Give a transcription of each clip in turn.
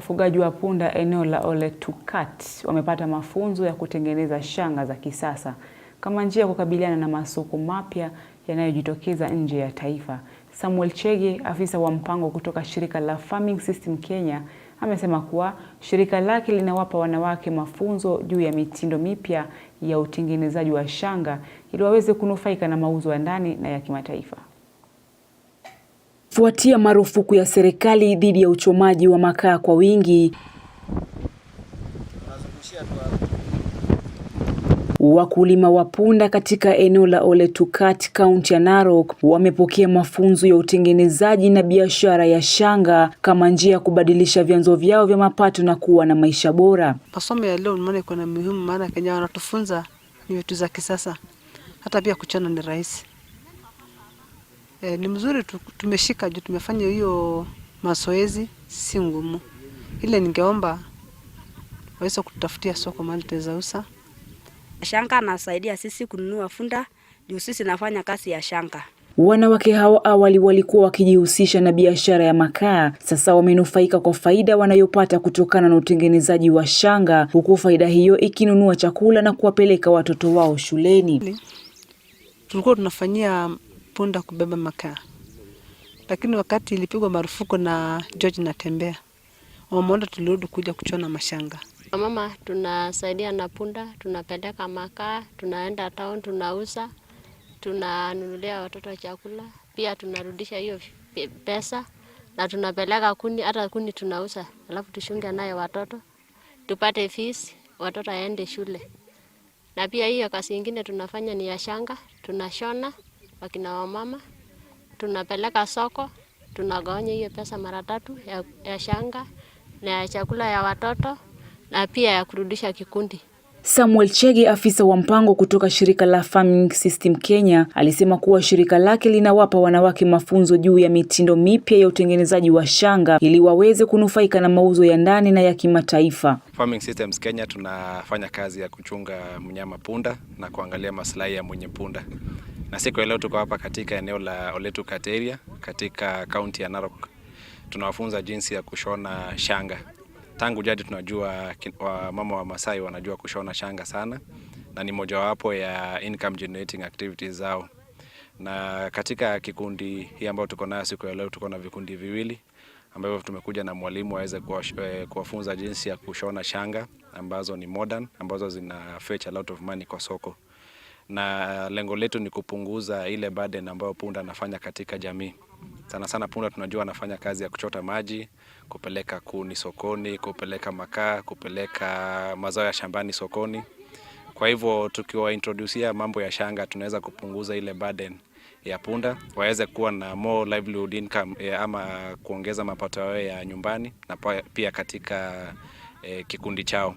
Wafugaji wa punda eneo la Oletukat wamepata mafunzo ya kutengeneza shanga za kisasa kama njia ya kukabiliana na masoko mapya yanayojitokeza nje ya taifa. Samuel Chege, afisa wa mpango kutoka shirika la Farming System Kenya, amesema kuwa shirika lake linawapa wanawake mafunzo juu ya mitindo mipya ya utengenezaji wa shanga ili waweze kunufaika na mauzo ya ndani na ya kimataifa. Kufuatia marufuku ya serikali dhidi ya uchomaji wa makaa kwa wingi, wakulima wa punda katika eneo la Oletukat, kaunti ya Narok, wamepokea mafunzo ya utengenezaji na biashara ya shanga kama njia ya kubadilisha vyanzo vyao vya mapato na kuwa na maisha bora. Masomo ya leo nimeona iko na muhimu, maana Kenya wanatufunza ni vitu za kisasa, hata pia kuchana ni rahisi. E, ni mzuri tumeshika juu tumefanya hiyo mazoezi, si ngumu ile. Ningeomba waweze kutafutia soko mali tuweza usa. shanga. Anasaidia sisi kununua funda juu sisi nafanya kazi ya shanga. Wanawake hao awali walikuwa wakijihusisha na biashara ya makaa, sasa wamenufaika kwa faida wanayopata kutokana na utengenezaji wa shanga, huku faida hiyo ikinunua chakula na kuwapeleka watoto wao shuleni. Tulikuwa tunafanyia punda kubeba makaa, lakini wakati ilipigwa marufuku na George Natembea, wamonda tulirudi kuja kuchona mashanga. Mama tunasaidia na punda, tunapeleka makaa, tunaenda town, tunauza, tunanunulia watoto chakula, pia tunarudisha hiyo pesa na tunapeleka kuni, hata kuni tunauza, alafu tushunge naye watoto tupate fees, watoto aende shule. Na pia hiyo kazi ingine tunafanya ni ya shanga, tunashona wakina wamama, tunapeleka soko, tunagawanya hiyo pesa mara tatu ya, ya shanga na ya chakula ya watoto na pia ya kurudisha kikundi. Samuel Chege, afisa wa mpango kutoka shirika la Farming System Kenya, alisema kuwa shirika lake linawapa wanawake mafunzo juu ya mitindo mipya ya utengenezaji wa shanga ili waweze kunufaika na mauzo ya ndani na ya kimataifa. Farming Systems Kenya tunafanya kazi ya kuchunga mnyama punda na kuangalia maslahi ya mwenye punda na siku ya leo tuko hapa katika eneo la Oletu Kateria katika kaunti ya Narok. Tunawafunza jinsi ya kushona shanga. Tangu jadi tunajua wa mama wa Masai wanajua kushona shanga sana, na ni mojawapo ya income generating activities zao. Na katika kikundi hii ambayo tuko nayo siku ya leo tuko na vikundi viwili ambavyo tumekuja na mwalimu aweze eh, kuwafunza jinsi ya kushona shanga ambazo ni modern, ambazo zina fetch a lot of money kwa soko na lengo letu ni kupunguza ile burden ambayo punda anafanya katika jamii. Sana sana punda tunajua anafanya kazi ya kuchota maji, kupeleka kuni sokoni, kupeleka makaa, kupeleka mazao ya shambani sokoni. Kwa hivyo tukiwaintrodusia mambo ya shanga, tunaweza kupunguza ile burden ya punda waweze kuwa na more livelihood income eh, ama kuongeza mapato yao ya nyumbani na pia katika eh, kikundi chao.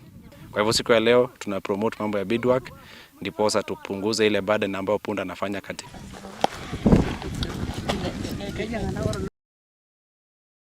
Kwa hivyo siku ya leo tuna promote mambo ya beadwork ndiposa tupunguze ile burden ambayo punda anafanya katika